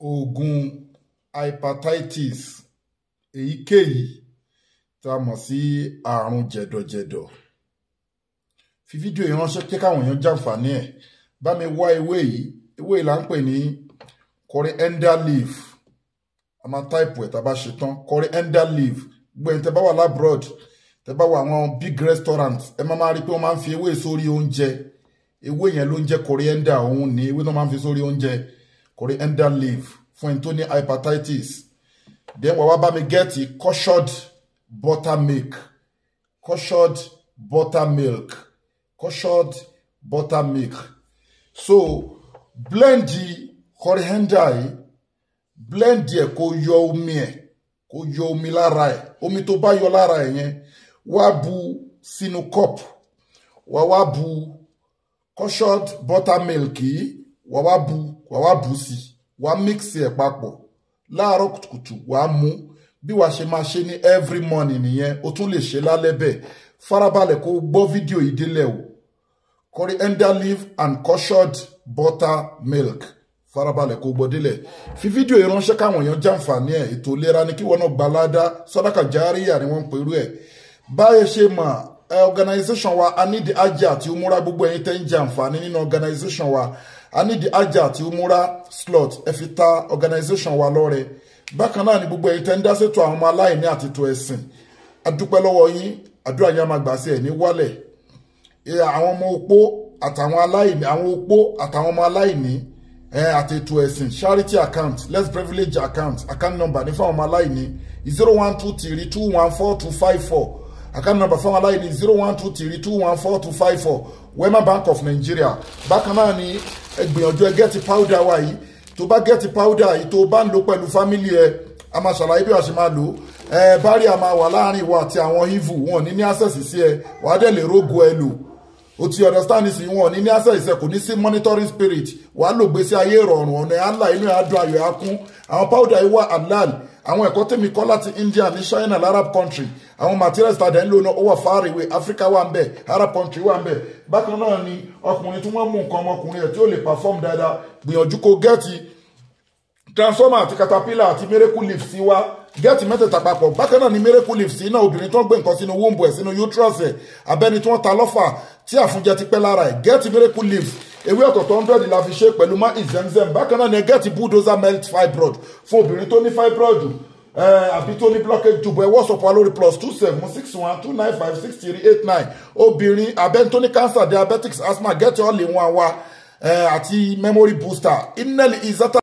oògùn hepatitis èyíkéyìí tá a mọ̀ sí àrùn jẹ̀dọ̀jẹ̀dọ̀ fi fídíò yìí ránṣẹ́ kí káwọn èèyàn jàǹfààní ẹ̀ bá mi wá ewé yìí ewé yìí là ń pè ní coriander leaf a máa táìpù ẹ̀ tá a bá ṣe tán coriander leaf gbẹ̀yìn tẹ́ bá wà labroad tẹ́ bá wà àwọn big restaurant ẹ máa máa rí i pé wọ́n máa ń fi ewé sórí oúnjẹ ewé yẹn ló ń jẹ́ coriander òun ní ewé tó máa ń fi sórí oúnjẹ coriander leaf fún ẹni tó ní hepatitis then wàá wá bá mi gẹ́ẹ̀tì cultured buttermilk cultured buttermilk cultured buttermilk so blend coriander yìí blend ẹ̀ kó yọ omi ẹ̀ kó yọ omi lára ẹ̀ omi tó bá yọ lára ẹ̀ yẹn wàá bu sínú cup wàá wá bu cultured buttermilk yìí wàá wá bu wàá wá bù ú sí wàá mixi ẹ̀ papọ̀ láàárọ̀ kùtùkùtù wàá mú bí wàá ṣe máa ṣe ní every morning nìyẹn o tún lè ṣe lálẹ́ bẹ́ẹ̀ farabalẹ̀ kó gbọ́ fídíò yìí délẹ̀ o coriander leaf and cultured butter milk farabalẹ̀ kó gbọ́ délẹ̀ fi fídíò yìí ránṣẹ́ káwọn èèyàn jàǹfààní ẹ̀ ètò ìlera ni kí wọn náà gbalada sọ́dáka járíyà ni wọ́n ń pe irú ẹ̀ báyẹ̀ ṣe mọ̀ organization wa a ní di ajé àti umura gbogbo ẹ̀yin tẹ́ ń jàǹfààní nínú organization wa a ní di ajá àti umura slot efita organization wa lọ́rẹ bákan náà ni gbogbo èyí tẹ́ ń dá ṣètò àwọn ọmọ aláìní àti ètò ẹ̀sìn adúpẹ́ lọ́wọ́ yín àdúrà yín á máa gbà sí ẹ̀ ní wálẹ̀ àwọn ọmọ opó àtàwọn aláìní àwọn opó àtàwọn ọmọ aláìní àti ètò ẹ̀sìn charity account less privilege account account number ní fáwọn ọmọ aláìní zero one two three two one four two five four account number fáwọn aláìní zero one two three two one four two five four Wema Bank of Nigeria bákan náà ni ẹ gbìyànjú ẹ gẹ́tì powder wa yìí tó bá gẹ́tì powder yìí tó bá ń lo pẹ̀lú family ẹ a máa ṣàlàyé bí wàá ṣe máa lò ó ẹ bárìà máa wà láàrin ìwọ àti àwọn evil wọn ní ní access sí ẹ wàá dẹ̀ lè rógo ẹ lò o ti understand sí wọn ní ní access ẹ kò ní sí monitoring spirit wàá lò gbèsè ayé ìrọ̀rùn ọ̀nà àlà inú ẹ̀ á dùn ayọ̀ á kún àwọn powder yìí wà àlàlì àwọn ẹ̀kọ́ tèmi kọ́ láti India ní China Arab country àwọn materials tàdé ń lò náà ó wà far away Africa wà ń bẹ̀ Arab country wà ń bẹ̀ bákan náà ni ọkùnrin tí wọ́n mú nǹkan ọmọkùnrin ẹ̀ tí ó lè perform dáadáa gbìyànjú kó gẹ́ẹ̀tì transformer àti caterpillar àti miracle leaf sí wa gẹ́ẹ̀tì mẹ́tẹ̀ẹ̀ta papọ̀ bákan náà ni miracle leaves iná obìnrin tó ń gbé nǹkan sínú wombo ẹ̀ sínú uterus ẹ̀ abẹ́ni tí wọ́n ta lọ́fà tí àfúnjẹ ti pẹ́ lára ẹ̀ gẹ́ẹ̀tì miracle leaves ewé ọ̀tọ̀tọ̀ hundred la fi ṣe pẹ̀lú má ìzẹ́mzẹ́m bákan náà ni gẹ́ẹ̀tì bulldozer melt fibroid fún obìnrin tó ní fibroid eh, àbí tó ní blockage jùbọ̀ ẹ̀ wọ́sọ̀ pa lórí plus two seven six one two nine five six three eight nine obìnrin abẹ́ni tó ní cancer diabetics asthma gẹ́ẹ̀tì all in one wa eh, àti memory booster inel izata.